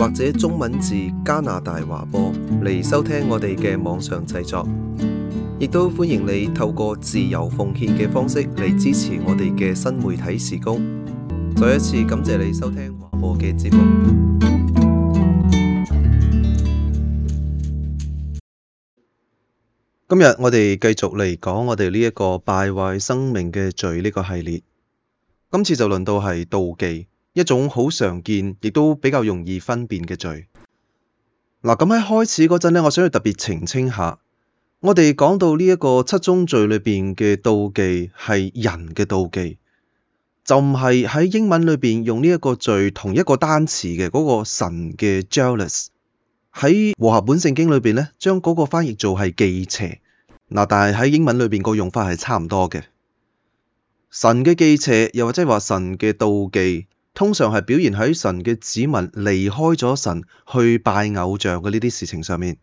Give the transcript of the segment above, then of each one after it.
或者中文字加拿大華播嚟，收聽我哋嘅網上製作，亦都歡迎你透過自由奉獻嘅方式嚟支持我哋嘅新媒體事工。再一次感謝你收聽華播嘅節目。今日我哋繼續嚟講我哋呢一個敗壞生命嘅罪呢個系列，今次就輪到係妒忌。一種好常見，亦都比較容易分辨嘅罪。嗱，咁喺開始嗰陣咧，我想要特別澄清下，我哋講到呢一個七宗罪裏邊嘅妒忌係人嘅妒忌，就唔係喺英文裏邊用呢一個罪同一個單詞嘅嗰個神嘅 jealous。喺和合本聖經裏邊咧，將嗰個翻譯做係忌邪嗱，但係喺英文裏邊個用法係差唔多嘅。神嘅忌邪，又或者係話神嘅妒忌。通常係表現喺神嘅子民離開咗神去拜偶像嘅呢啲事情上面。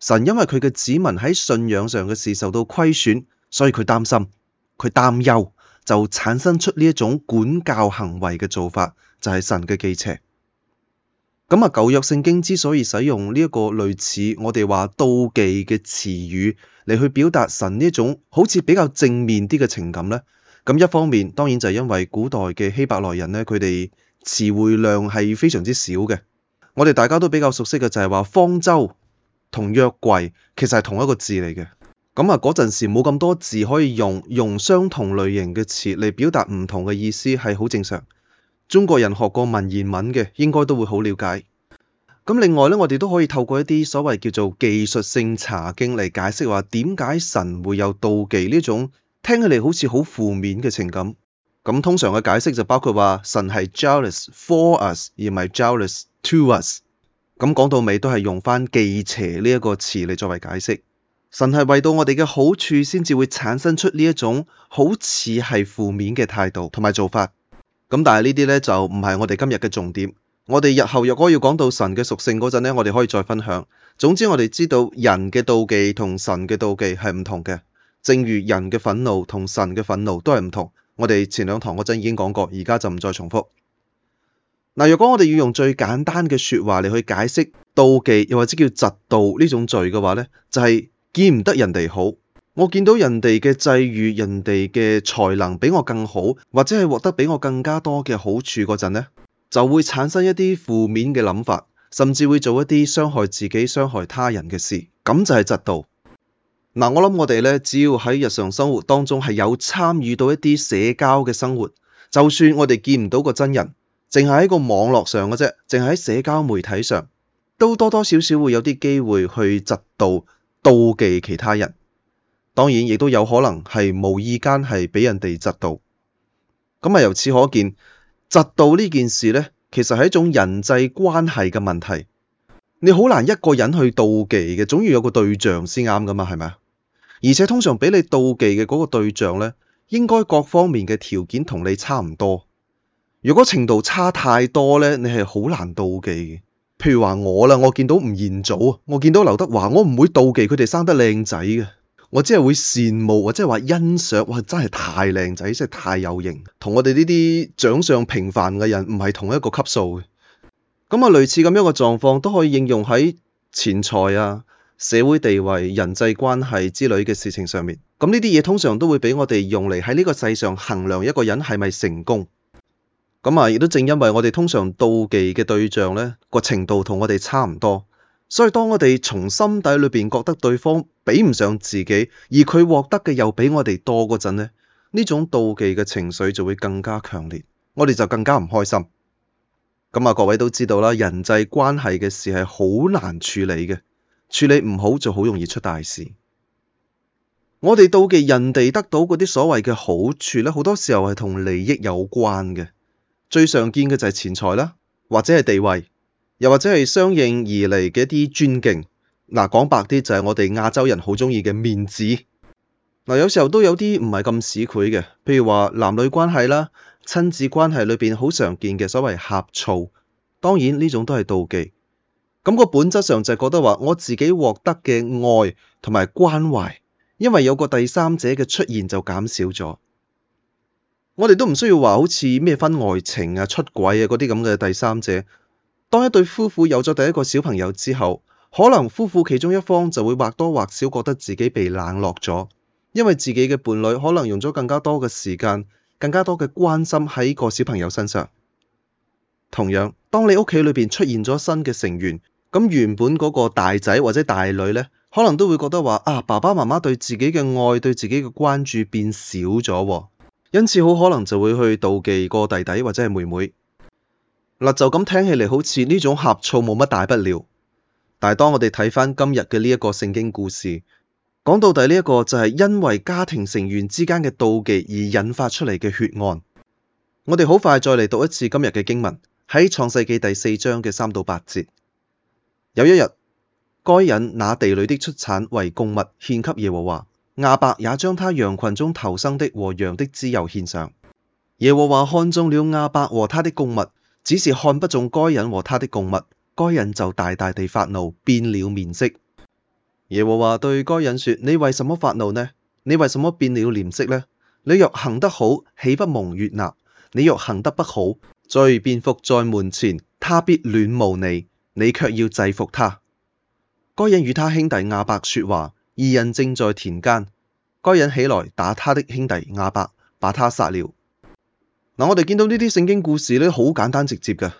神因為佢嘅子民喺信仰上嘅事受到虧損，所以佢擔心，佢擔憂，就產生出呢一種管教行為嘅做法，就係、是、神嘅忌邪。咁、嗯、啊，舊約聖經之所以使用呢一個類似我哋話妒忌嘅詞語嚟去表達神呢一種好似比較正面啲嘅情感呢。咁一方面，當然就係因為古代嘅希伯來人呢，佢哋詞彙量係非常之少嘅。我哋大家都比較熟悉嘅就係話方舟同約櫃其實係同一個字嚟嘅。咁啊嗰陣時冇咁多字可以用，用相同類型嘅詞嚟表達唔同嘅意思係好正常。中國人學過文言文嘅，應該都會好了解。咁另外呢，我哋都可以透過一啲所謂叫做技術性查經嚟解釋話點解神會有妒忌呢種聽起嚟好似好負面嘅情感，咁通常嘅解釋就包括話神係 jealous for us 而唔係 jealous to us。咁講到尾都係用返忌邪呢一個詞嚟作為解釋。神係為到我哋嘅好處先至會產生出呢一種好似係負面嘅態度同埋做法。咁但係呢啲咧就唔係我哋今日嘅重點。我哋日後若果要講到神嘅屬性嗰陣咧，我哋可以再分享。總之我哋知道人嘅妒忌同神嘅妒忌係唔同嘅。正如人嘅憤怒同神嘅憤怒都係唔同，我哋前兩堂嗰陣已經講過，而家就唔再重複。嗱，如果我哋要用最簡單嘅説話嚟去解釋妒忌，又或者叫嫉妒呢種罪嘅話咧，就係見唔得人哋好，我見到人哋嘅際遇、人哋嘅才能比我更好，或者係獲得比我更加多嘅好處嗰陣咧，就會產生一啲負面嘅諗法，甚至會做一啲傷害自己、傷害他人嘅事，咁就係嫉妒。嗱，我諗我哋咧，只要喺日常生活當中係有參與到一啲社交嘅生活，就算我哋見唔到個真人，淨係喺個網絡上嘅啫，淨係喺社交媒體上，都多多少少會有啲機會去嫉妒妒忌其他人。當然亦都有可能係無意間係畀人哋嫉妒。咁啊，由此可見，嫉妒呢件事咧，其實係一種人際關係嘅問題。你好難一個人去妒忌嘅，總要有個對象先啱噶嘛，係咪啊？而且通常畀你妒忌嘅嗰個對象咧，應該各方面嘅條件同你差唔多。如果程度差太多咧，你係好難妒忌嘅。譬如話我啦，我見到吳彥祖，我見到劉德華，我唔會妒忌佢哋生得靚仔嘅，我只係會羨慕或者話欣賞。哇，真係太靚仔，真係太，太有型，同我哋呢啲長相平凡嘅人唔係同一個級數嘅。咁啊，類似咁樣嘅狀況都可以應用喺錢財啊。社會地位、人際關係之類嘅事情上面，咁呢啲嘢通常都會畀我哋用嚟喺呢個世上衡量一個人係咪成功。咁啊，亦都正因為我哋通常妒忌嘅對象呢個程度同我哋差唔多，所以當我哋從心底裏邊覺得對方比唔上自己，而佢獲得嘅又比我哋多嗰陣呢，呢種妒忌嘅情緒就會更加強烈，我哋就更加唔開心。咁啊，各位都知道啦，人際關係嘅事係好難處理嘅。處理唔好就好容易出大事。我哋妒忌人哋得到嗰啲所謂嘅好處咧，好多時候係同利益有關嘅。最常見嘅就係錢財啦，或者係地位，又或者係相應而嚟嘅一啲尊敬。嗱、啊，講白啲就係、是、我哋亞洲人好鍾意嘅面子。嗱、啊，有時候都有啲唔係咁市儈嘅，譬如話男女關係啦、親子關係裏邊好常見嘅所謂呷醋，當然呢種都係妒忌。咁個本質上就係覺得話，我自己獲得嘅愛同埋關懷，因為有個第三者嘅出現就減少咗。我哋都唔需要話好似咩婚外情啊、出軌啊嗰啲咁嘅第三者。當一對夫婦有咗第一個小朋友之後，可能夫婦其中一方就會或多或少覺得自己被冷落咗，因為自己嘅伴侶可能用咗更加多嘅時間、更加多嘅關心喺個小朋友身上。同樣，當你屋企裏邊出現咗新嘅成員。咁原本嗰個大仔或者大女呢，可能都會覺得話啊，爸爸媽媽對自己嘅愛、對自己嘅關注變少咗，因此好可能就會去妒忌個弟弟或者係妹妹。嗱，啊，就咁聽起嚟好似呢種呷醋冇乜大不了，但係當我哋睇返今日嘅呢一個聖經故事，講到底呢一個就係因為家庭成員之間嘅妒忌而引發出嚟嘅血案。我哋好快再嚟讀一次今日嘅經文，喺創世記第四章嘅三到八節。有一日，該隱拿地裏的出產為供物獻給耶和華，亞伯也將他羊群中頭生的和羊的脂油獻上。耶和華看中了亞伯和他的供物，只是看不中該隱和他的供物。該隱就大大地發怒，變了臉色。耶和華對該隱說：你為什麼發怒呢？你為什麼變了臉色呢？你若行得好，豈不蒙悅納？你若行得不好，罪便伏在門前，他必戀慕你。你卻要制服他。該隱與他兄弟亞伯說話，二人正在田間，該隱起來打他的兄弟亞伯，把他殺了。嗱、啊，我哋見到呢啲聖經故事呢，好簡單直接嘅。呢、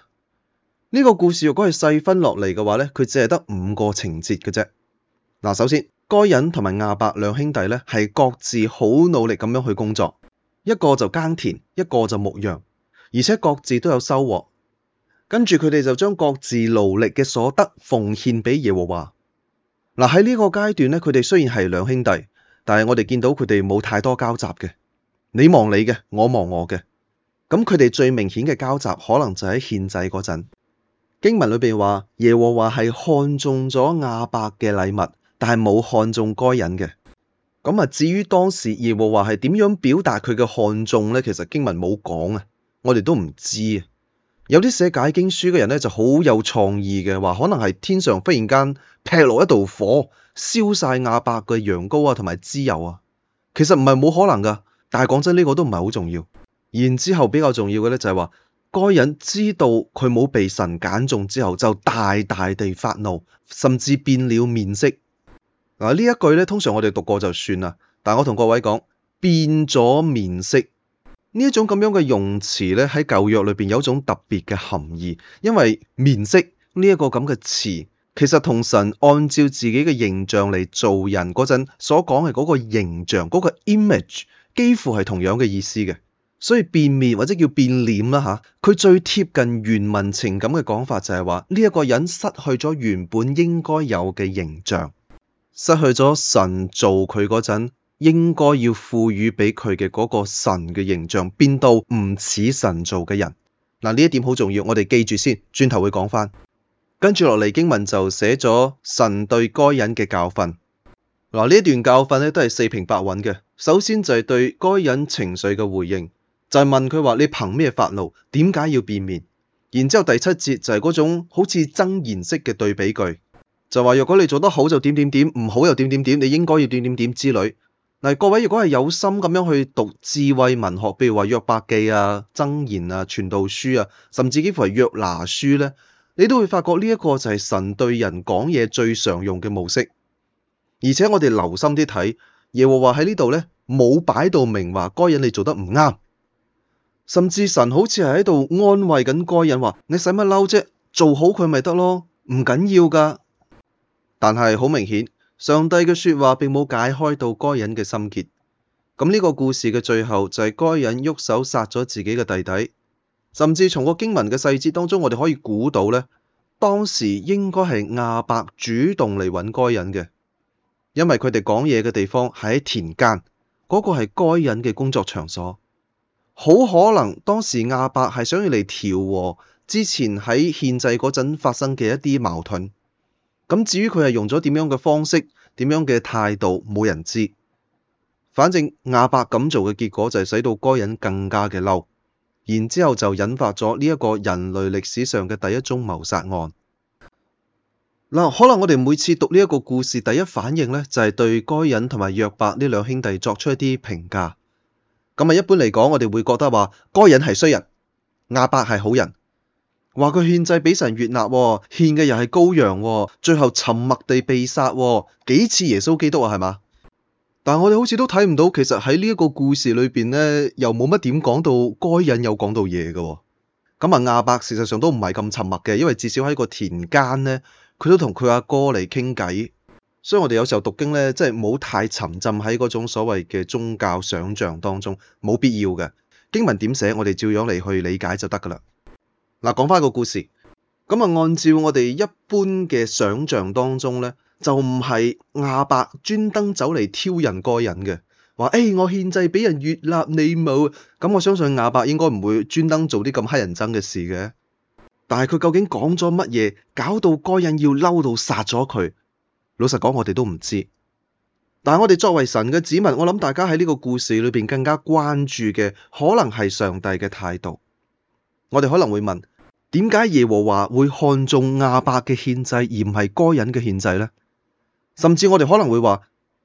這個故事如果係細分落嚟嘅話呢，佢只係得五個情節嘅啫。嗱、啊，首先，該隱同埋亞伯兩兄弟呢，係各自好努力咁樣去工作，一個就耕田，一個就牧羊，而且各自都有收穫。跟住佢哋就將各自勞力嘅所得奉獻畀耶和華。嗱，喺呢個階段咧，佢哋雖然係兩兄弟，但係我哋見到佢哋冇太多交集嘅。你望你嘅，我望我嘅。咁佢哋最明顯嘅交集可能就喺獻祭嗰陣。經文裏邊話耶和華係看中咗亞伯嘅禮物，但係冇看中該隱嘅。咁、嗯、啊，至於當時耶和華係點樣表達佢嘅看中咧，其實經文冇講啊，我哋都唔知啊。有啲寫解經書嘅人咧，就好有創意嘅，話可能係天上忽然間劈落一道火，燒晒亞伯嘅羊羔啊，同埋脂油啊。其實唔係冇可能㗎，但係講真呢個都唔係好重要。然之後比較重要嘅咧，就係話該隱知道佢冇被神揀中之後，就大大地發怒，甚至變了面色。嗱，呢一句咧，通常我哋讀過就算啦。但係我同各位講，變咗面色。這這呢一種咁樣嘅用詞咧，喺舊約裏邊有一種特別嘅含義，因為面色呢一、這個咁嘅詞，其實同神按照自己嘅形象嚟做人嗰陣所講嘅嗰個形象嗰、那個 image，幾乎係同樣嘅意思嘅。所以變面或者叫變臉啦嚇，佢、啊、最貼近原文情感嘅講法就係話呢一個人失去咗原本應該有嘅形象，失去咗神做佢嗰陣。應該要賦予俾佢嘅嗰個神嘅形象，變到唔似神做嘅人。嗱呢一點好重要，我哋記住先，轉頭會講返。跟住落嚟經文就寫咗神對該人嘅教訓。嗱呢一段教訓咧都係四平八穩嘅。首先就係對該人情緒嘅回應，就係、是、問佢話你憑咩發怒？點解要變面？」然之後第七節就係嗰種好似增言式嘅對比句，就話若果你做得好就點點點，唔好又點點點，你應該要點點點之類。各位如果係有心咁樣去讀智慧文學，譬如話約伯記啊、箴言啊、傳道書啊，甚至幾乎係約拿書咧，你都會發覺呢一個就係神對人講嘢最常用嘅模式。而且我哋留心啲睇，耶和華喺呢度咧冇擺到明話該隱你做得唔啱，甚至神好似係喺度安慰緊該隱話：你使乜嬲啫？做好佢咪得咯，唔緊要噶。但係好明顯。上帝嘅説話並冇解開到該隱嘅心結，咁呢個故事嘅最後就係該隱喐手殺咗自己嘅弟弟。甚至從個經文嘅細節當中，我哋可以估到咧，當時應該係亞伯主動嚟揾該隱嘅，因為佢哋講嘢嘅地方係喺田間，嗰、那個係該隱嘅工作場所。好可能當時亞伯係想要嚟調和之前喺獻祭嗰陣發生嘅一啲矛盾。咁至於佢係用咗點樣嘅方式、點樣嘅態度，冇人知。反正亞伯咁做嘅結果就係使到該隱更加嘅嬲，然之後就引發咗呢一個人類歷史上嘅第一宗謀殺案。嗱、嗯，可能我哋每次讀呢一個故事，第一反應咧就係、是、對該隱同埋亞伯呢兩兄弟作出一啲評價。咁、嗯、啊，一般嚟講，我哋會覺得話該隱係衰人，亞伯係好人。話佢獻祭畀神悅納，獻嘅又係羔羊，最後沉默地被殺，幾似耶穌基督啊，係嘛？但係我哋好似都睇唔到，其實喺呢一個故事裏邊呢，又冇乜點講到該隱有講到嘢嘅。咁啊亞伯事實上都唔係咁沉默嘅，因為至少喺個田間呢，佢都同佢阿哥嚟傾偈。所以我哋有時候讀經呢，即係冇太沉浸喺嗰種所謂嘅宗教想象當中，冇必要嘅。經文點寫，我哋照樣嚟去理解就得噶啦。嗱，講翻個故事，咁啊，按照我哋一般嘅想象當中咧，就唔係亞伯專登走嚟挑釁該隱嘅，話誒、哎、我獻祭畀人悅納，你冇，咁我相信亞伯應該唔會專登做啲咁乞人憎嘅事嘅。但係佢究竟講咗乜嘢，搞到該隱要嬲到殺咗佢？老實講，我哋都唔知。但係我哋作為神嘅子民，我諗大家喺呢個故事裏邊更加關注嘅，可能係上帝嘅態度。我哋可能會問。點解耶和華會看中亞伯嘅獻祭，而唔係該隱嘅獻祭呢？甚至我哋可能會話，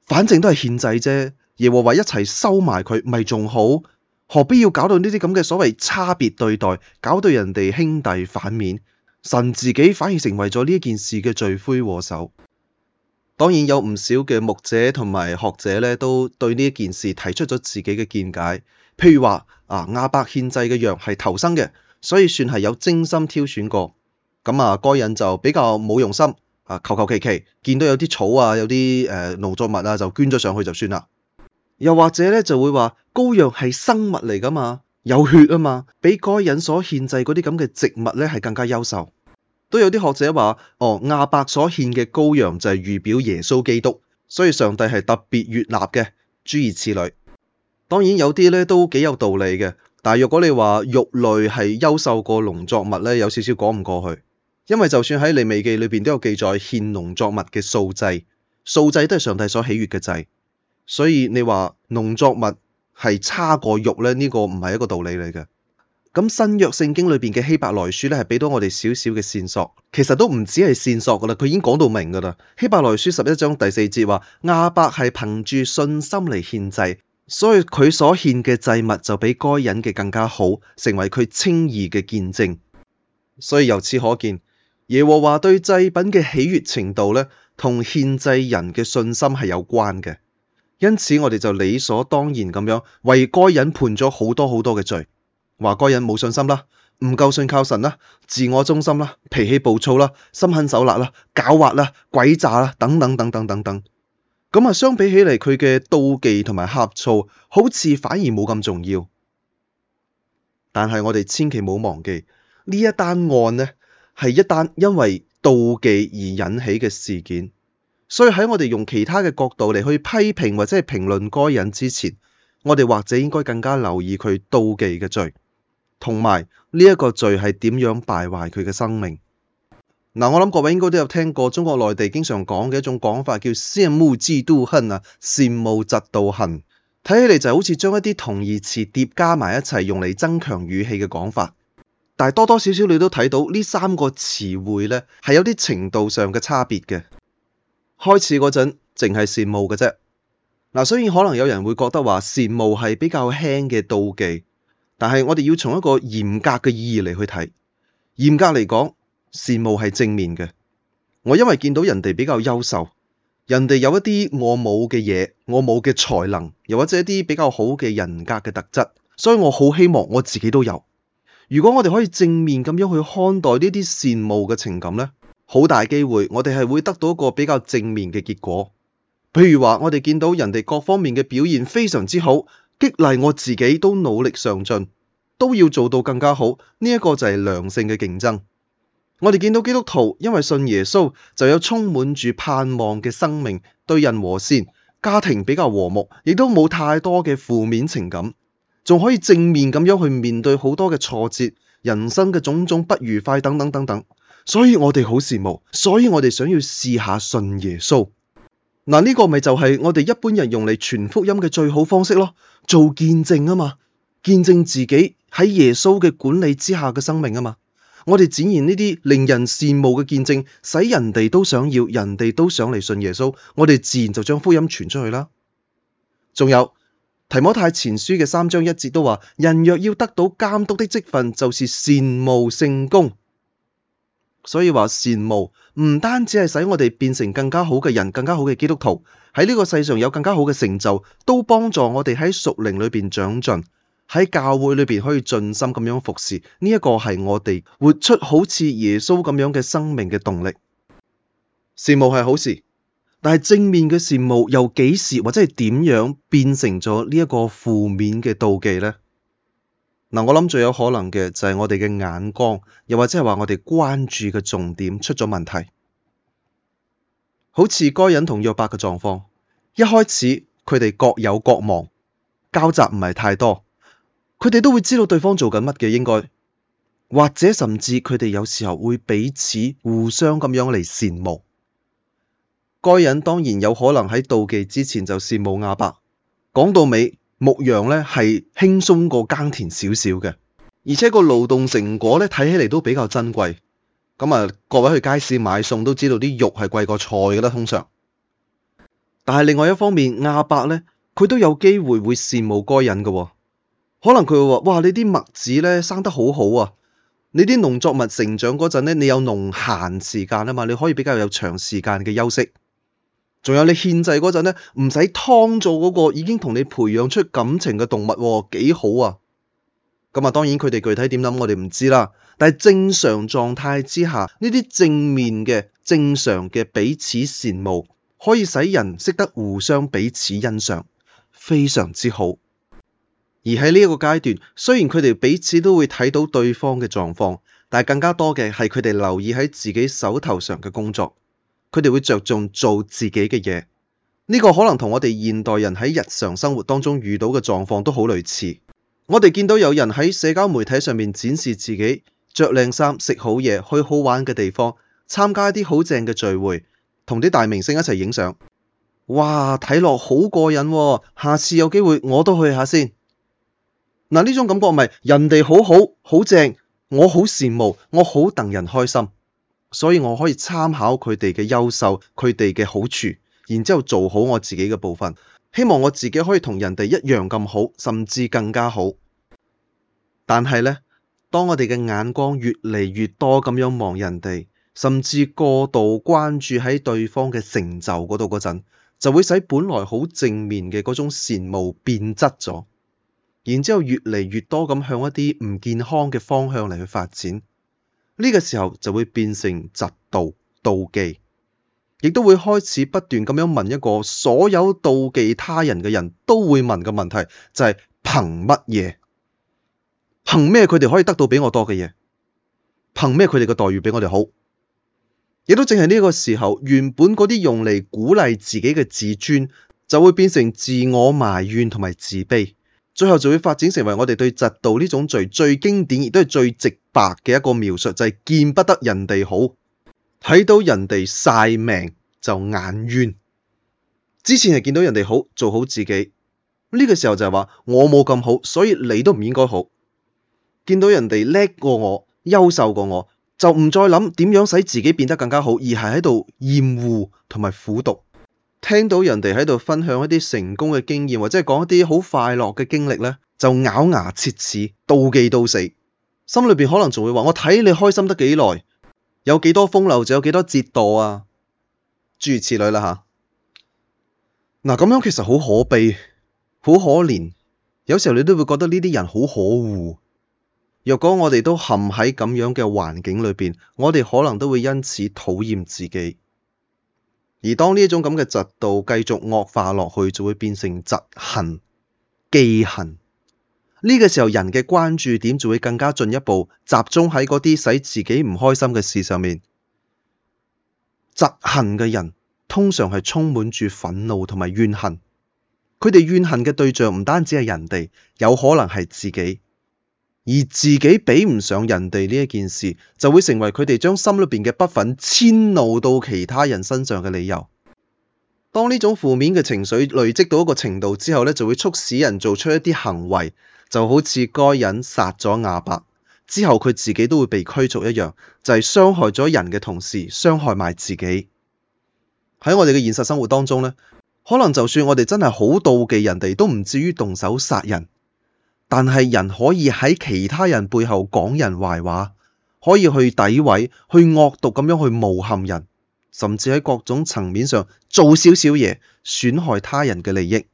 反正都係獻祭啫，耶和華一齊收埋佢，咪仲好？何必要搞到呢啲咁嘅所謂差別對待，搞到人哋兄弟反面，神自己反而成為咗呢件事嘅罪魁禍首？當然有唔少嘅牧者同埋學者呢，都對呢件事提出咗自己嘅見解，譬如話啊亞伯獻祭嘅羊係頭生嘅。所以算係有精心挑選過，咁啊，該隱就比較冇用心啊，求求其其，見到有啲草啊，有啲誒、呃、農作物啊，就捐咗上去就算啦。又或者咧，就會話羔羊係生物嚟噶嘛，有血啊嘛，比該隱所獻祭嗰啲咁嘅植物咧係更加優秀。都有啲學者話，哦亞伯所獻嘅羔羊就係預表耶穌基督，所以上帝係特別悅納嘅，諸如此類。當然有啲咧都幾有道理嘅。但係，若果你話肉類係優秀過農作物咧，有少少講唔過去，因為就算喺《利未記》裏邊都有記載獻農作物嘅素祭，素祭都係上帝所喜悅嘅祭，所以你話農作物係差過肉咧，呢、這個唔係一個道理嚟嘅。咁新約聖經裏邊嘅希伯來書咧，係畀到我哋少少嘅線索，其實都唔止係線索噶啦，佢已經講到明噶啦。希伯來書十一章第四節話，亞伯係憑住信心嚟獻祭。所以佢所獻嘅祭物就比該隱嘅更加好，成為佢稱義嘅見證。所以由此可見，耶和華對祭品嘅喜悅程度呢，同獻祭人嘅信心係有關嘅。因此我哋就理所當然咁樣為該隱判咗好多好多嘅罪，話該隱冇信心啦，唔夠信靠神啦，自我中心啦，脾氣暴躁啦，心狠手辣啦，狡猾啦，鬼詐啦，等等等等等等，等，等。咁啊，相比起嚟，佢嘅妒忌同埋呷醋，好似反而冇咁重要。但係我哋千祈冇忘記呢一單案呢，係一單因為妒忌而引起嘅事件。所以喺我哋用其他嘅角度嚟去批評或者係評論該人之前，我哋或者應該更加留意佢妒忌嘅罪，同埋呢一個罪係點樣敗壞佢嘅生命。嗱、嗯，我諗各位應該都有聽過中國內地經常講嘅一種講法叫，叫羨慕嫉妒恨啊，羨慕嫉妒恨。睇起嚟就好似將一啲同義詞疊加埋一齊，用嚟增強語氣嘅講法。但係多多少少你都睇到呢三個詞彙咧，係有啲程度上嘅差別嘅。開始嗰陣淨係羨慕嘅啫。嗱、嗯，雖然可能有人會覺得話羨慕係比較輕嘅妒忌，但係我哋要從一個嚴格嘅意義嚟去睇，嚴格嚟講。羨慕係正面嘅，我因為見到人哋比較優秀，人哋有一啲我冇嘅嘢，我冇嘅才能，又或者一啲比較好嘅人格嘅特質，所以我好希望我自己都有。如果我哋可以正面咁樣去看待呢啲羨慕嘅情感咧，好大機會我哋係會得到一個比較正面嘅結果。譬如話我哋見到人哋各方面嘅表現非常之好，激勵我自己都努力上進，都要做到更加好。呢一個就係良性嘅競爭。我哋見到基督徒因為信耶穌，就有充滿住盼望嘅生命，對人和善，家庭比較和睦，亦都冇太多嘅負面情感，仲可以正面咁樣去面對好多嘅挫折、人生嘅種種不愉快等等等等。所以我哋好羨慕，所以我哋想要試下信耶穌。嗱，呢個咪就係我哋一般人用嚟傳福音嘅最好方式咯，做見證啊嘛，見證自己喺耶穌嘅管理之下嘅生命啊嘛。我哋展現呢啲令人羨慕嘅見證，使人哋都想要，人哋都想嚟信耶穌。我哋自然就將福音傳出去啦。仲有提摩太前書嘅三章一節都話：人若要得到監督的職份，就是羨慕善工。所以話羨慕唔單止係使我哋變成更加好嘅人，更加好嘅基督徒，喺呢個世上有更加好嘅成就，都幫助我哋喺屬靈裏邊長進。喺教會裏邊可以盡心咁樣服侍，呢、這、一個係我哋活出好似耶穌咁樣嘅生命嘅動力。羨慕係好事，但係正面嘅羨慕由幾時或者係點樣變成咗呢一個負面嘅妒忌呢？嗱，我諗最有可能嘅就係我哋嘅眼光，又或者係話我哋關注嘅重點出咗問題。好似該隱同亞伯嘅狀況，一開始佢哋各有各忙，交集唔係太多。佢哋都會知道對方做緊乜嘅，應該或者甚至佢哋有時候會彼此互相咁樣嚟羨慕。該隱當然有可能喺妒忌之前就羨慕亞伯。講到尾，牧羊呢係輕鬆過耕田少少嘅，而且個勞動成果呢睇起嚟都比較珍貴。咁啊，各位去街市買餸都知道啲肉係貴過菜嘅啦，通常。但係另外一方面，亞伯呢，佢都有機會會羨慕該隱嘅喎。可能佢會話：哇！你啲麥子咧生得好好啊！你啲農作物成長嗰陣咧，你有農閒時間啊嘛，你可以比較有長時間嘅休息。仲有你獻祭嗰陣咧，唔使劏做嗰個已經同你培養出感情嘅動物喎，幾好啊！咁、嗯、啊，當然佢哋具體點諗，我哋唔知啦。但係正常狀態之下，呢啲正面嘅、正常嘅彼此羨慕，可以使人識得互相彼此欣賞，非常之好。而喺呢一個階段，雖然佢哋彼此都會睇到對方嘅狀況，但更加多嘅係佢哋留意喺自己手頭上嘅工作。佢哋會着重做自己嘅嘢。呢個可能同我哋現代人喺日常生活當中遇到嘅狀況都好類似。我哋見到有人喺社交媒體上面展示自己着靚衫、食好嘢、去好玩嘅地方、參加一啲好正嘅聚會、同啲大明星一齊影相。哇，睇落好過癮喎！下次有機會我都去下先。嗱，呢種感覺咪、就是、人哋好好好正，我好羨慕，我好戥人開心，所以我可以參考佢哋嘅優秀，佢哋嘅好處，然之後做好我自己嘅部分，希望我自己可以同人哋一樣咁好，甚至更加好。但係咧，當我哋嘅眼光越嚟越多咁樣望人哋，甚至過度關注喺對方嘅成就嗰度嗰陣，就會使本來好正面嘅嗰種羨慕變質咗。然之後越嚟越多咁向一啲唔健康嘅方向嚟去發展，呢個時候就會變成嫉妒、妒忌，亦都會開始不斷咁樣問一個所有妒忌他人嘅人都會問嘅問題，就係憑乜嘢？憑咩佢哋可以得到比我多嘅嘢？憑咩佢哋嘅待遇比我哋好？亦都正係呢個時候，原本嗰啲用嚟鼓勵自己嘅自尊就會變成自我埋怨同埋自卑。最後就會發展成為我哋對嫉妒呢種罪最經典亦都係最直白嘅一個描述，就係、是、見不得人哋好，睇到人哋晒命就眼冤。之前係見到人哋好，做好自己。呢、這個時候就係話我冇咁好，所以你都唔應該好。見到人哋叻過我，優秀過我，就唔再諗點樣使自己變得更加好，而係喺度厭惡同埋苦毒。聽到人哋喺度分享一啲成功嘅經驗，或者係講一啲好快樂嘅經歷咧，就咬牙切齒，妒忌到死，心裏邊可能仲會話：我睇你開心得幾耐，有幾多風流就有幾多折墮啊！諸如此類啦、啊、嚇。嗱、啊，咁樣其實好可悲，好可憐。有時候你都會覺得呢啲人好可惡。若果我哋都陷喺咁樣嘅環境裏邊，我哋可能都會因此討厭自己。而當呢種咁嘅嫉妒繼續惡化落去，就會變成嫉恨、記恨。呢、呢個時候，人嘅關注點就會更加進一步集中喺嗰啲使自己唔開心嘅事上面。嫉恨嘅人通常係充滿住憤怒同埋怨恨，佢哋怨恨嘅對象唔單止係人哋，有可能係自己。而自己比唔上人哋呢一件事，就會成為佢哋將心裏邊嘅不忿遷怒到其他人身上嘅理由。當呢種負面嘅情緒累積到一個程度之後呢，就會促使人做出一啲行為，就好似該隱殺咗亞伯之後，佢自己都會被驅逐一樣，就係傷害咗人嘅同時，傷害埋自己。喺我哋嘅現實生活當中呢，可能就算我哋真係好妒忌人哋，都唔至於動手殺人。但係人可以喺其他人背後講人壞話，可以去詆毀、去惡毒咁樣去誣陷人，甚至喺各種層面上做少少嘢損害他人嘅利益。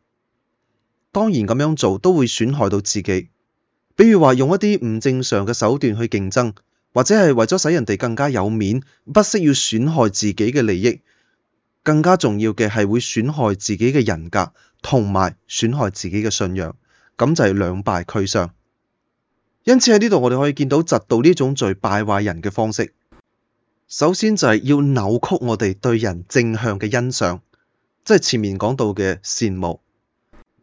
當然咁樣做都會損害到自己。比如話用一啲唔正常嘅手段去競爭，或者係為咗使人哋更加有面，不惜要損害自己嘅利益。更加重要嘅係會損害自己嘅人格，同埋損害自己嘅信仰。咁就係兩敗俱傷。因此喺呢度，我哋可以見到嫉妒呢種罪敗壞人嘅方式。首先就係要扭曲我哋對人正向嘅欣賞，即係前面講到嘅羨慕。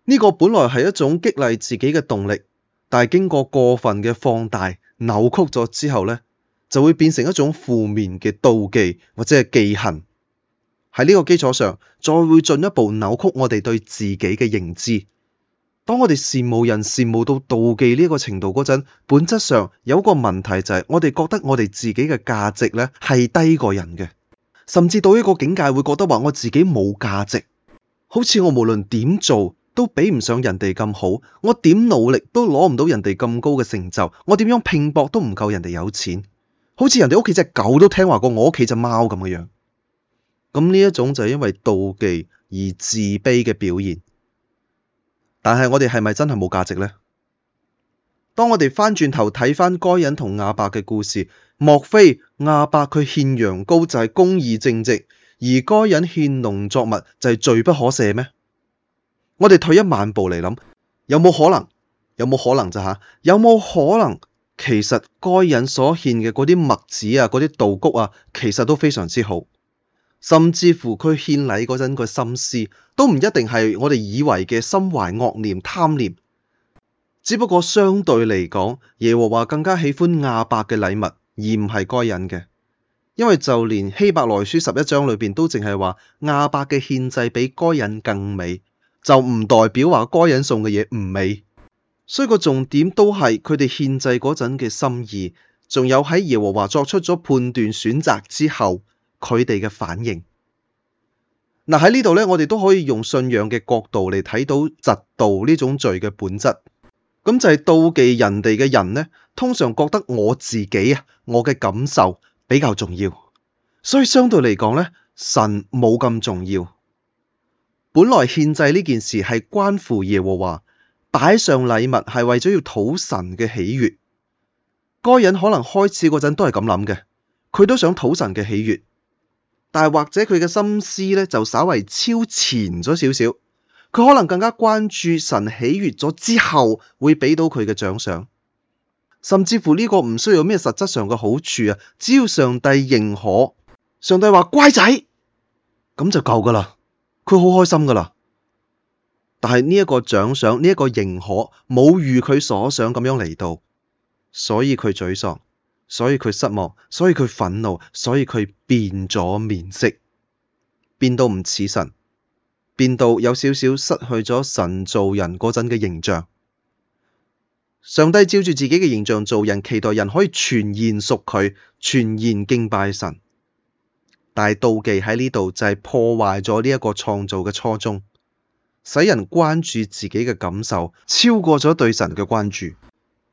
呢個本來係一種激勵自己嘅動力，但係經過過分嘅放大、扭曲咗之後呢，就會變成一種負面嘅妒忌或者係忌恨。喺呢個基礎上，再會進一步扭曲我哋對自己嘅認知。當我哋羨慕人羨慕到妒忌呢一個程度嗰陣，本質上有一個問題就係我哋覺得我哋自己嘅價值咧係低過人嘅，甚至到一個境界會覺得話我自己冇價值，好似我無論點做都比唔上人哋咁好，我點努力都攞唔到人哋咁高嘅成就，我點樣拼搏都唔夠人哋有錢，好似人哋屋企隻狗都聽話過我屋企隻貓咁嘅樣。咁呢一種就係因為妒忌而自卑嘅表現。但係我哋係咪真係冇價值咧？當我哋翻轉頭睇返該隱同亞伯嘅故事，莫非亞伯佢獻羊羔就係公義正直，而該隱獻農作物就係罪不可赦咩？我哋退一萬步嚟諗，有冇可能？有冇可能咋吓？有冇可能其實該隱所獻嘅嗰啲麥子啊，嗰啲稻谷啊，其實都非常之好？甚至乎佢獻禮嗰陣個心思，都唔一定係我哋以為嘅心懷惡念、貪念。只不過相對嚟講，耶和華更加喜歡亞伯嘅禮物，而唔係該隱嘅。因為就連希伯來書十一章裏邊都淨係話亞伯嘅獻祭比該隱更美，就唔代表話該隱送嘅嘢唔美。所以個重點都係佢哋獻祭嗰陣嘅心意，仲有喺耶和華作出咗判斷選擇之後。佢哋嘅反應嗱喺、啊、呢度咧，我哋都可以用信仰嘅角度嚟睇到嫉妒呢種罪嘅本質。咁就係妒忌人哋嘅人咧，通常覺得我自己啊，我嘅感受比較重要，所以相對嚟講咧，神冇咁重要。本來獻祭呢件事係關乎耶和華，擺上禮物係為咗要討神嘅喜悦。該隱可能開始嗰陣都係咁諗嘅，佢都想討神嘅喜悦。但或者佢嘅心思咧就稍為超前咗少少，佢可能更加關注神喜悦，咗之後會畀到佢嘅獎賞，甚至乎呢個唔需要咩實質上嘅好處啊，只要上帝認可，上帝話乖仔，咁就夠噶啦，佢好開心噶啦但係呢一個獎賞，呢一個認可冇如佢所想咁樣嚟到，所以佢沮喪。所以佢失望，所以佢憤怒，所以佢變咗面色，變到唔似神，變到有少少失去咗神造人嗰陣嘅形象。上帝照住自己嘅形象造人，期待人可以全然屬佢，全然敬拜神。但係妒忌喺呢度就係破壞咗呢一個創造嘅初衷，使人關注自己嘅感受，超過咗對神嘅關注。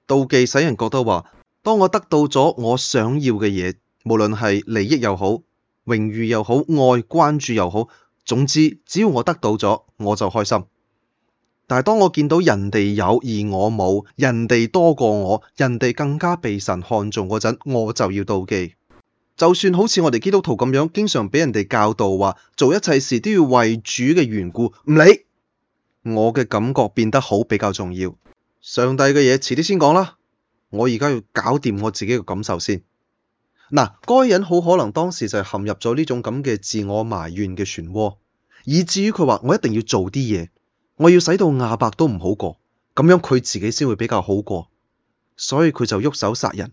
妒忌使人覺得話，當我得到咗我想要嘅嘢，無論係利益又好、榮譽又好、愛、關注又好，總之只要我得到咗我就開心。但係當我見到人哋有而我冇，人哋多過我，人哋更加被神看重嗰陣，我就要妒忌。就算好似我哋基督徒咁樣，經常畀人哋教導話做一切事都要為主嘅緣故，唔理我嘅感覺變得好比較重要。上帝嘅嘢，遲啲先講啦。我而家要搞掂我自己嘅感受先。嗱、啊，該人好可能當時就係陷入咗呢種咁嘅自我埋怨嘅漩渦，以至於佢話：我一定要做啲嘢，我要使到亞伯都唔好過，咁樣佢自己先會比較好過。所以佢就喐手殺人。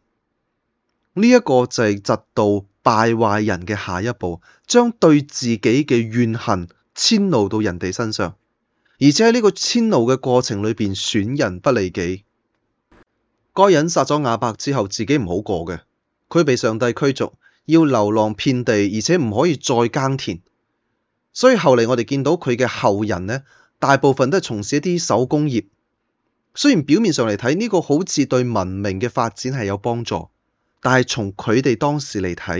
呢、這、一個就係嫉妒敗壞人嘅下一步，將對自己嘅怨恨遷怒到人哋身上，而且喺呢個遷怒嘅過程裏邊，損人不利己。該隱殺咗亞伯之後，自己唔好過嘅。佢被上帝驅逐，要流浪遍地，而且唔可以再耕田。所以後嚟我哋見到佢嘅後人呢，大部分都係從事一啲手工業。雖然表面上嚟睇呢個好似對文明嘅發展係有幫助，但係從佢哋當時嚟睇，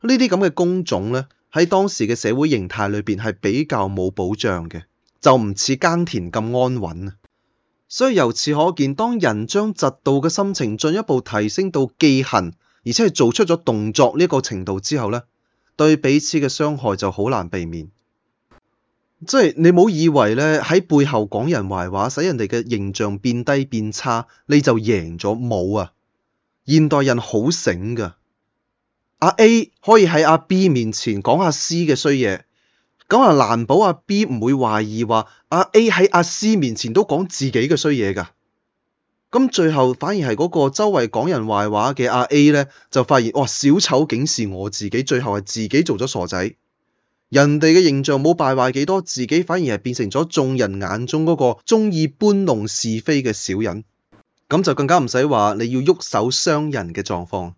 呢啲咁嘅工種呢，喺當時嘅社會形態裏邊係比較冇保障嘅，就唔似耕田咁安穩。所以由此可見，當人將嫉妒嘅心情進一步提升到記恨，而且係做出咗動作呢一個程度之後呢，對彼此嘅傷害就好難避免。即係你唔好以為呢喺背後講人壞話，使人哋嘅形象變低變差，你就贏咗冇啊！現代人好醒噶，阿 A 可以喺阿 B 面前講下 C 嘅衰嘢。咁啊，難保阿 B 唔會懷疑話阿 A 喺阿 C 面前都講自己嘅衰嘢㗎。咁最後反而係嗰個周圍講人壞話嘅阿 A 呢，就發現哇，小丑竟是我自己，最後係自己做咗傻仔。人哋嘅形象冇敗壞幾多，自己反而係變成咗眾人眼中嗰個鍾意搬弄是非嘅小人。咁就更加唔使話你要喐手傷人嘅狀況，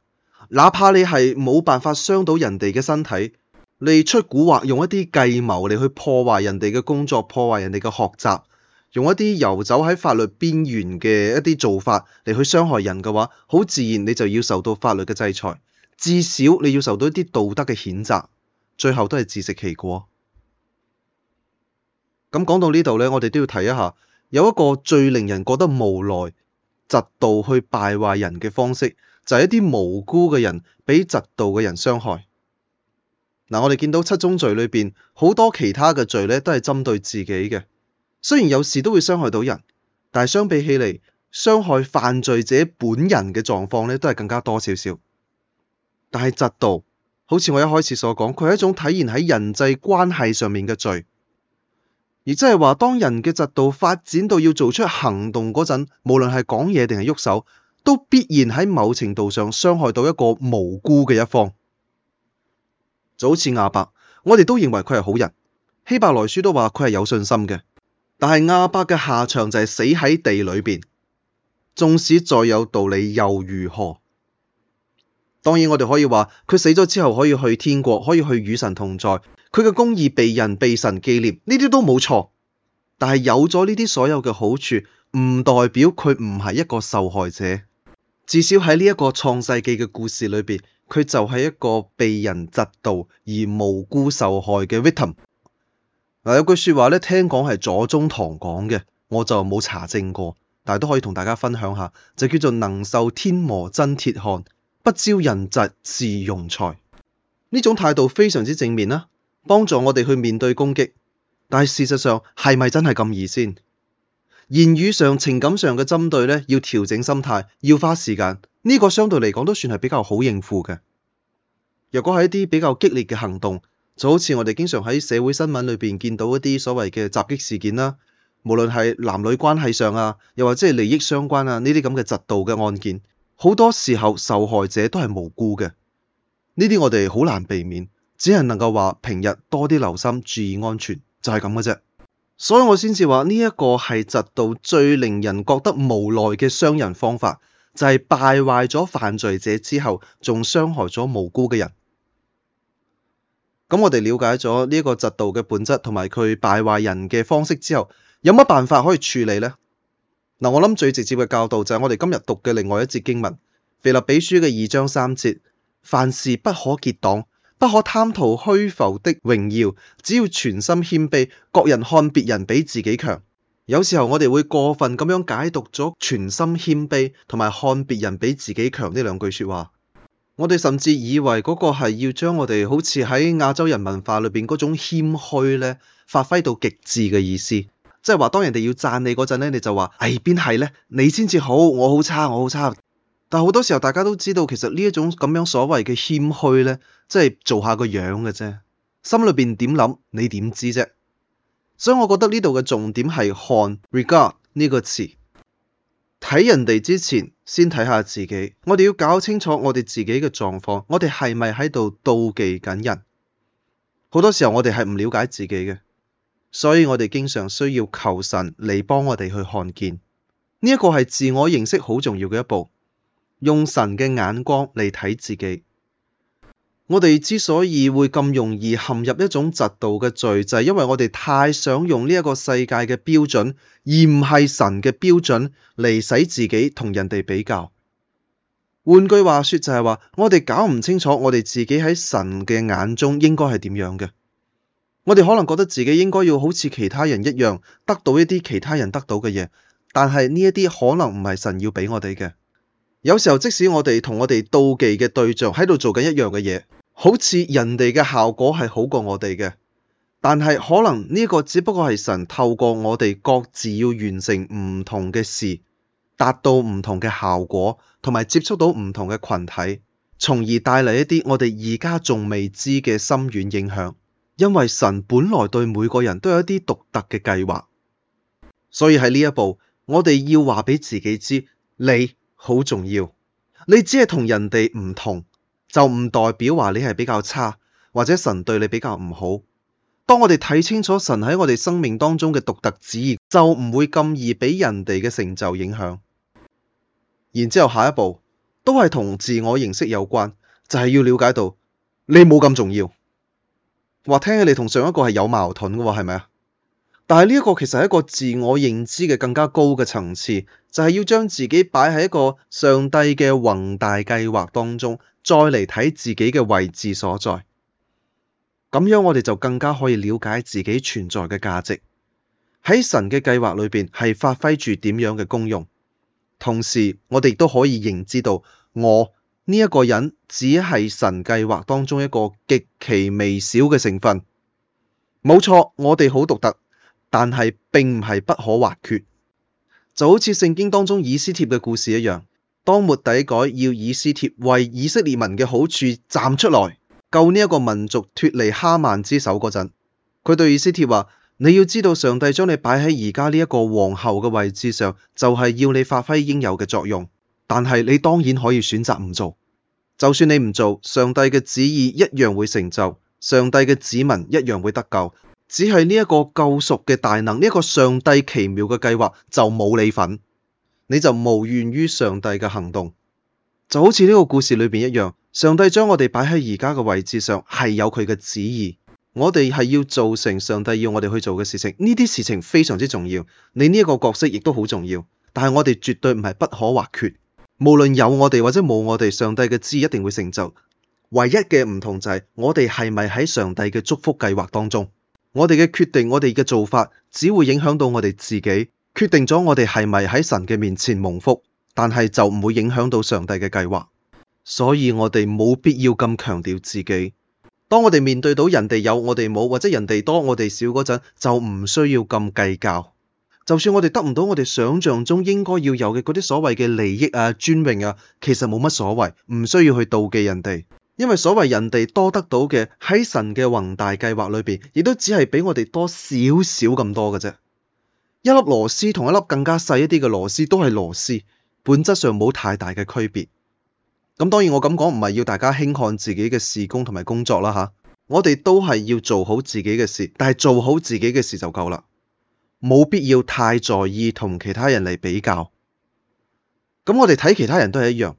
哪怕你係冇辦法傷到人哋嘅身體。你出古惑，用一啲計謀嚟去破壞人哋嘅工作，破壞人哋嘅學習，用一啲遊走喺法律邊緣嘅一啲做法嚟去傷害人嘅話，好自然你就要受到法律嘅制裁，至少你要受到一啲道德嘅譴責，最後都係自食其果。咁講到呢度咧，我哋都要提一下，有一個最令人覺得無奈、嫉妒去敗壞人嘅方式，就係、是、一啲無辜嘅人俾嫉妒嘅人傷害。嗯，我哋見到七宗罪裏邊好多其他嘅罪呢都係針對自己嘅。雖然有時都會傷害到人，但係相比起嚟，傷害犯罪者本人嘅狀況呢都係更加多少少。但係嫉妒，好似我一開始所講，佢係一種體現喺人際關係上面嘅罪，亦即係話當人嘅嫉妒發展到要做出行動嗰陣，無論係講嘢定係喐手，都必然喺某程度上傷害到一個無辜嘅一方。就好似亞伯，我哋都認為佢係好人，希伯來書都話佢係有信心嘅。但係亞伯嘅下場就係死喺地裏邊，縱使再有道理又如何？當然我哋可以話佢死咗之後可以去天國，可以去與神同在，佢嘅公義被人被神紀念，呢啲都冇錯。但係有咗呢啲所有嘅好處，唔代表佢唔係一個受害者。至少喺呢一個創世記嘅故事裏邊。佢就係一個被人嫉妒而無辜受害嘅 victim。嗱，有句説話咧，聽講係左宗棠講嘅，我就冇查證過，但係都可以同大家分享下，就叫做能受天磨真鐵漢，不招人妒是庸才。呢種態度非常之正面啦，幫助我哋去面對攻擊。但係事實上係咪真係咁易先？言語上、情感上嘅針對咧，要調整心態，要花時間。呢個相對嚟講都算係比較好應付嘅。若果係一啲比較激烈嘅行動，就好似我哋經常喺社會新聞裏邊見到一啲所謂嘅襲擊事件啦，無論係男女關係上啊，又或者係利益相關啊呢啲咁嘅嫉妒嘅案件，好多時候受害者都係無辜嘅。呢啲我哋好難避免，只係能夠話平日多啲留心，注意安全，就係咁嘅啫。所以我先至話呢一個係嫉妒最令人覺得無奈嘅傷人方法，就係、是、敗壞咗犯罪者之後，仲傷害咗無辜嘅人。咁、嗯、我哋了解咗呢一個嫉妒嘅本質同埋佢敗壞人嘅方式之後，有乜辦法可以處理呢？嗱、嗯，我諗最直接嘅教導就係我哋今日讀嘅另外一節經文《腓立比書》嘅二章三節：凡事不可結黨。不可貪圖虛浮的榮耀，只要全心謙卑，各人看別人比自己強。有時候我哋會過分咁樣解讀咗全心謙卑同埋看別人比自己強呢兩句説話。我哋甚至以為嗰個係要將我哋好似喺亞洲人文化裏邊嗰種謙虛咧，發揮到極致嘅意思，即係話當人哋要讚你嗰陣咧，你就話：唉、哎，邊係咧？你先至好，我好差，我好差。但好多時候，大家都知道其實呢一種咁樣所謂嘅謙虛呢，即係做下個樣嘅啫。心裏邊點諗，你點知啫？所以我覺得呢度嘅重點係看 regard 呢個詞，睇人哋之前先睇下自己。我哋要搞清楚我哋自己嘅狀況，我哋係咪喺度妒忌緊人？好多時候我哋係唔了解自己嘅，所以我哋經常需要求神嚟幫我哋去看見呢一個係自我認識好重要嘅一步。用神嘅眼光嚟睇自己，我哋之所以會咁容易陷入一種嫉妒嘅罪，就係因為我哋太想用呢一個世界嘅標準，而唔係神嘅標準嚟使自己同人哋比較。換句話說，就係話我哋搞唔清楚我哋自己喺神嘅眼中應該係點樣嘅。我哋可能覺得自己應該要好似其他人一樣，得到一啲其他人得到嘅嘢，但係呢一啲可能唔係神要畀我哋嘅。有時候，即使我哋同我哋妒忌嘅對象喺度做緊一樣嘅嘢，好似人哋嘅效果係好過我哋嘅，但係可能呢個只不過係神透過我哋各自要完成唔同嘅事，達到唔同嘅效果，同埋接觸到唔同嘅群體，從而帶嚟一啲我哋而家仲未知嘅深遠影響。因為神本來對每個人都有一啲獨特嘅計劃，所以喺呢一步，我哋要話畀自己知，你。好重要，你只係同人哋唔同，就唔代表話你係比較差，或者神對你比較唔好。當我哋睇清楚神喺我哋生命當中嘅獨特旨意，就唔會咁易畀人哋嘅成就影響。然之後下一步都係同自我認識有關，就係、是、要了解到你冇咁重要。話聽起嚟同上一個係有矛盾嘅喎，係咪啊？但係呢一個其實係一個自我認知嘅更加高嘅層次，就係要將自己擺喺一個上帝嘅宏大計劃當中，再嚟睇自己嘅位置所在。咁樣我哋就更加可以了解自己存在嘅價值喺神嘅計劃裏邊係發揮住點樣嘅功用，同時我哋亦都可以認知到我呢一個人只係神計劃當中一個極其微小嘅成分。冇錯，我哋好獨特。但係並唔係不可或缺。就好似聖經當中以斯帖嘅故事一樣，當末底改要以斯帖為以色列民嘅好處站出來，救呢一個民族脫離哈曼之手嗰陣，佢對以斯帖話：你要知道上帝將你擺喺而家呢一個皇后嘅位置上，就係要你發揮應有嘅作用。但係你當然可以選擇唔做，就算你唔做，上帝嘅旨意一樣會成就，上帝嘅子民一樣會得救。只係呢一個救贖嘅大能，呢、這、一個上帝奇妙嘅計劃就冇你份，你就無緣於上帝嘅行動。就好似呢個故事裏邊一樣，上帝將我哋擺喺而家嘅位置上係有佢嘅旨意，我哋係要做成上帝要我哋去做嘅事情。呢啲事情非常之重要，你呢一個角色亦都好重要。但係我哋絕對唔係不可或缺。無論有我哋或者冇我哋，上帝嘅旨意一定會成就。唯一嘅唔同就係、是、我哋係咪喺上帝嘅祝福計劃當中？我哋嘅決定，我哋嘅做法，只會影響到我哋自己，決定咗我哋係咪喺神嘅面前蒙福，但係就唔會影響到上帝嘅計劃。所以我哋冇必要咁強調自己。當我哋面對到人哋有我哋冇，或者人哋多我哋少嗰陣，就唔需要咁計較。就算我哋得唔到我哋想象中應該要有嘅嗰啲所謂嘅利益啊、尊榮啊，其實冇乜所謂，唔需要去妒忌人哋。因為所謂人哋多得到嘅，喺神嘅宏大計劃裏邊，亦都只係比我哋多少少咁多嘅啫。一粒螺絲同一粒更加細一啲嘅螺絲都係螺絲，本質上冇太大嘅區別。咁當然我咁講唔係要大家輕看自己嘅事工同埋工作啦吓，我哋都係要做好自己嘅事，但係做好自己嘅事就夠啦，冇必要太在意同其他人嚟比較。咁我哋睇其他人都係一樣，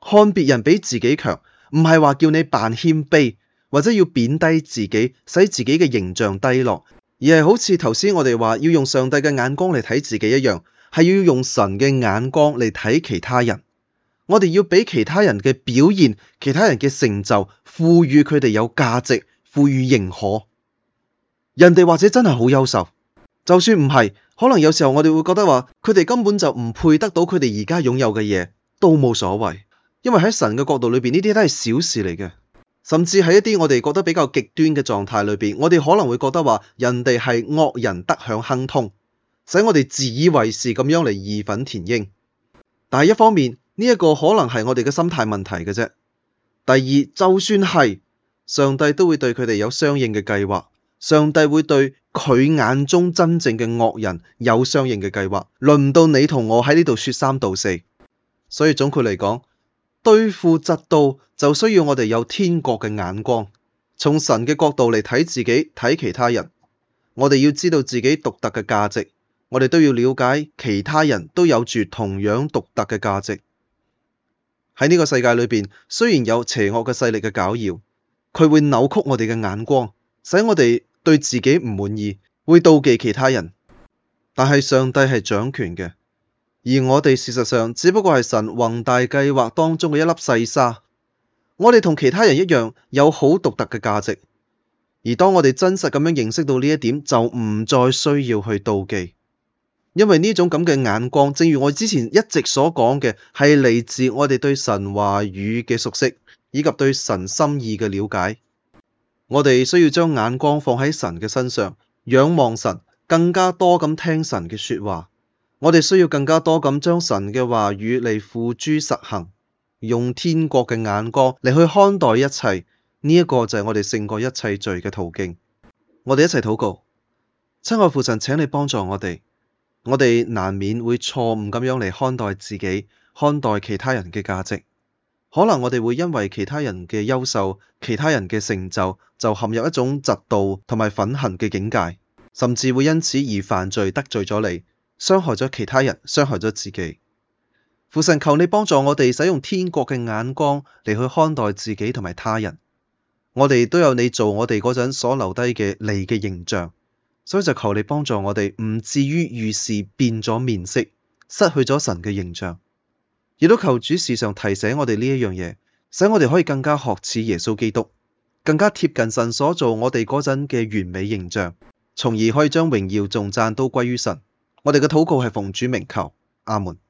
看別人比自己強。唔係話叫你扮謙卑，或者要貶低自己，使自己嘅形象低落，而係好似頭先我哋話要用上帝嘅眼光嚟睇自己一樣，係要用神嘅眼光嚟睇其他人。我哋要畀其他人嘅表現、其他人嘅成就，賦予佢哋有價值，賦予認可。人哋或者真係好優秀，就算唔係，可能有時候我哋會覺得話佢哋根本就唔配得到佢哋而家擁有嘅嘢，都冇所謂。因為喺神嘅角度裏邊，呢啲都係小事嚟嘅，甚至喺一啲我哋覺得比較極端嘅狀態裏邊，我哋可能會覺得話人哋係惡人得享亨通，使我哋自以為是咁樣嚟義憤填膺。但係一方面呢一個可能係我哋嘅心態問題嘅啫。第二，就算係上帝都會對佢哋有相應嘅計劃，上帝會對佢眼中真正嘅惡人有相應嘅計劃，輪唔到你同我喺呢度說三道四。所以總括嚟講。對付嫉妒就需要我哋有天國嘅眼光，從神嘅角度嚟睇自己，睇其他人。我哋要知道自己獨特嘅價值，我哋都要了解其他人都有住同樣獨特嘅價值。喺呢個世界裏邊，雖然有邪惡嘅勢力嘅攪擾，佢會扭曲我哋嘅眼光，使我哋對自己唔滿意，會妒忌其他人。但係上帝係掌權嘅。而我哋事實上只不過係神宏大計劃當中嘅一粒細沙。我哋同其他人一樣有好獨特嘅價值。而當我哋真實咁樣認識到呢一點，就唔再需要去妒忌。因為呢種咁嘅眼光，正如我之前一直所講嘅，係嚟自我哋對神話語嘅熟悉，以及對神心意嘅了解。我哋需要將眼光放喺神嘅身上，仰望神，更加多咁聽神嘅說話。我哋需要更加多咁將神嘅話語嚟付諸實行，用天國嘅眼光嚟去看待一切。呢一個就係我哋勝過一切罪嘅途徑。我哋一齊禱告，親愛父神，請你幫助我哋。我哋難免會錯誤咁樣嚟看待自己，看待其他人嘅價值。可能我哋會因為其他人嘅優秀、其他人嘅成就，就陷入一種嫉妒同埋憤恨嘅境界，甚至會因此而犯罪得罪咗你。傷害咗其他人，傷害咗自己。父神求你幫助我哋使用天國嘅眼光嚟去看待自己同埋他人。我哋都有你做我哋嗰陣所留低嘅你嘅形象，所以就求你幫助我哋唔至於遇事變咗面色，失去咗神嘅形象。亦都求主時常提醒我哋呢一樣嘢，使我哋可以更加學似耶穌基督，更加貼近神所做我哋嗰陣嘅完美形象，從而可以將榮耀仲讚都歸於神。我哋嘅禱告係奉主名求，阿門。